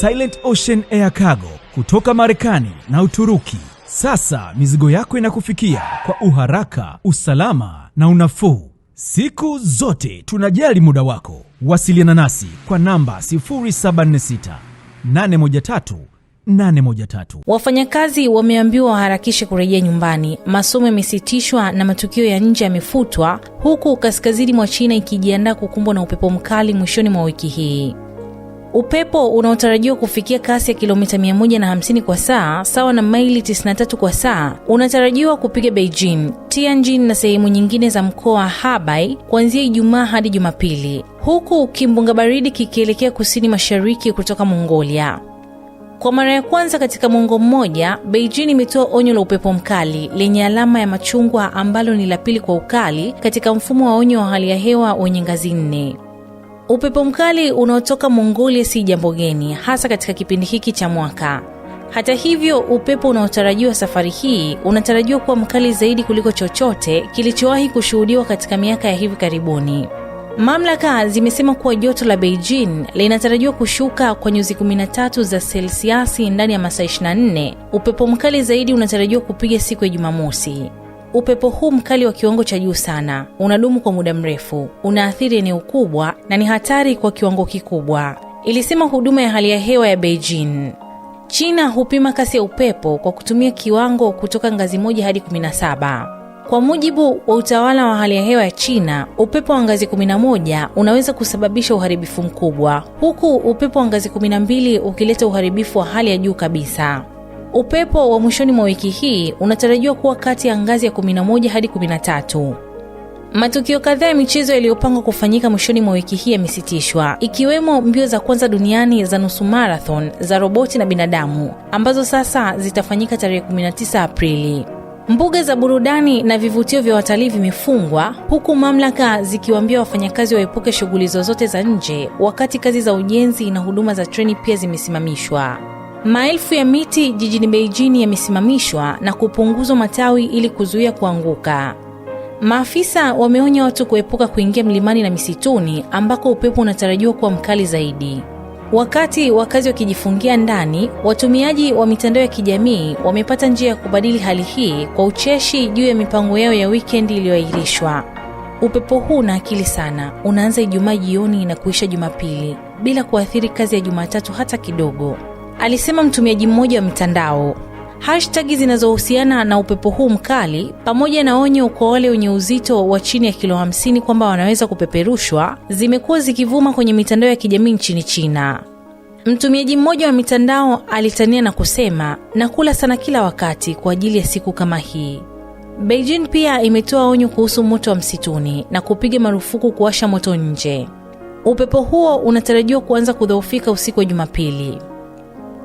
Silent Ocean Air Cargo kutoka Marekani na Uturuki. Sasa mizigo yako inakufikia kwa uharaka, usalama na unafuu. Siku zote tunajali muda wako. Wasiliana nasi kwa namba 076 813 813. Wafanyakazi wameambiwa waharakishe kurejea nyumbani. Masomo yamesitishwa na matukio ya nje yamefutwa, huku kaskazini mwa China ikijiandaa kukumbwa na upepo mkali mwishoni mwa wiki hii. Upepo unaotarajiwa kufikia kasi ya kilomita 150 kwa saa sawa na maili 93 kwa saa unatarajiwa kupiga Beijing, Tianjin na sehemu nyingine za mkoa wa Hebei kuanzia Ijumaa hadi Jumapili, huku kimbunga baridi kikielekea kusini mashariki kutoka Mongolia. Kwa mara ya kwanza katika mwongo mmoja, Beijing imetoa onyo la upepo mkali lenye alama ya machungwa ambalo ni la pili kwa ukali katika mfumo wa onyo wa hali ya hewa wenye ngazi nne. Upepo mkali unaotoka Mongolia si jambo geni, hasa katika kipindi hiki cha mwaka. Hata hivyo, upepo unaotarajiwa safari hii unatarajiwa kuwa mkali zaidi kuliko chochote kilichowahi kushuhudiwa katika miaka ya hivi karibuni. Mamlaka zimesema kuwa joto la Beijing linatarajiwa kushuka kwa nyuzi 13 za selsiasi ndani ya masaa 24. Upepo mkali zaidi unatarajiwa kupiga siku ya Jumamosi. Upepo huu mkali wa kiwango cha juu sana unadumu kwa muda mrefu, unaathiri eneo kubwa na ni hatari kwa kiwango kikubwa, ilisema huduma ya hali ya hewa ya Beijing. China hupima kasi ya upepo kwa kutumia kiwango kutoka ngazi moja hadi 17. Kwa mujibu wa utawala wa hali ya hewa ya China, upepo wa ngazi 11 unaweza kusababisha uharibifu mkubwa, huku upepo wa ngazi 12 ukileta uharibifu wa hali ya juu kabisa. Upepo wa mwishoni mwa wiki hii unatarajiwa kuwa kati ya ngazi ya 11 hadi 13. Matukio kadhaa ya michezo yaliyopangwa kufanyika mwishoni mwa wiki hii yamesitishwa, ikiwemo mbio za kwanza duniani za nusu marathon za roboti na binadamu ambazo sasa zitafanyika tarehe 19 Aprili. Mbuga za burudani na vivutio vya watalii vimefungwa huku mamlaka zikiwaambia wafanyakazi waepuke shughuli zozote za nje, wakati kazi za ujenzi na huduma za treni pia zimesimamishwa. Maelfu ya miti jijini Beijing yamesimamishwa na kupunguzwa matawi ili kuzuia kuanguka. Maafisa wameonya watu kuepuka kuingia mlimani na misituni ambako upepo unatarajiwa kuwa mkali zaidi. Wakati wakazi wakijifungia ndani, watumiaji wa mitandao ya kijamii wamepata njia ya kubadili hali hii kwa ucheshi juu ya mipango yao ya wikendi iliyoahirishwa. Upepo huu una akili sana, unaanza Ijumaa jioni na kuisha Jumapili bila kuathiri kazi ya Jumatatu hata kidogo alisema mtumiaji mmoja wa mitandao. Hashtagi zinazohusiana na upepo huu mkali pamoja na onyo kwa wale wenye uzito wa chini ya kilo 50 kwamba wanaweza kupeperushwa zimekuwa zikivuma kwenye mitandao ya kijamii nchini China. Mtumiaji mmoja wa mitandao alitania na kusema, nakula sana kila wakati kwa ajili ya siku kama hii. Beijing pia imetoa onyo kuhusu moto wa msituni na kupiga marufuku kuwasha moto nje. Upepo huo unatarajiwa kuanza kudhoofika usiku wa Jumapili.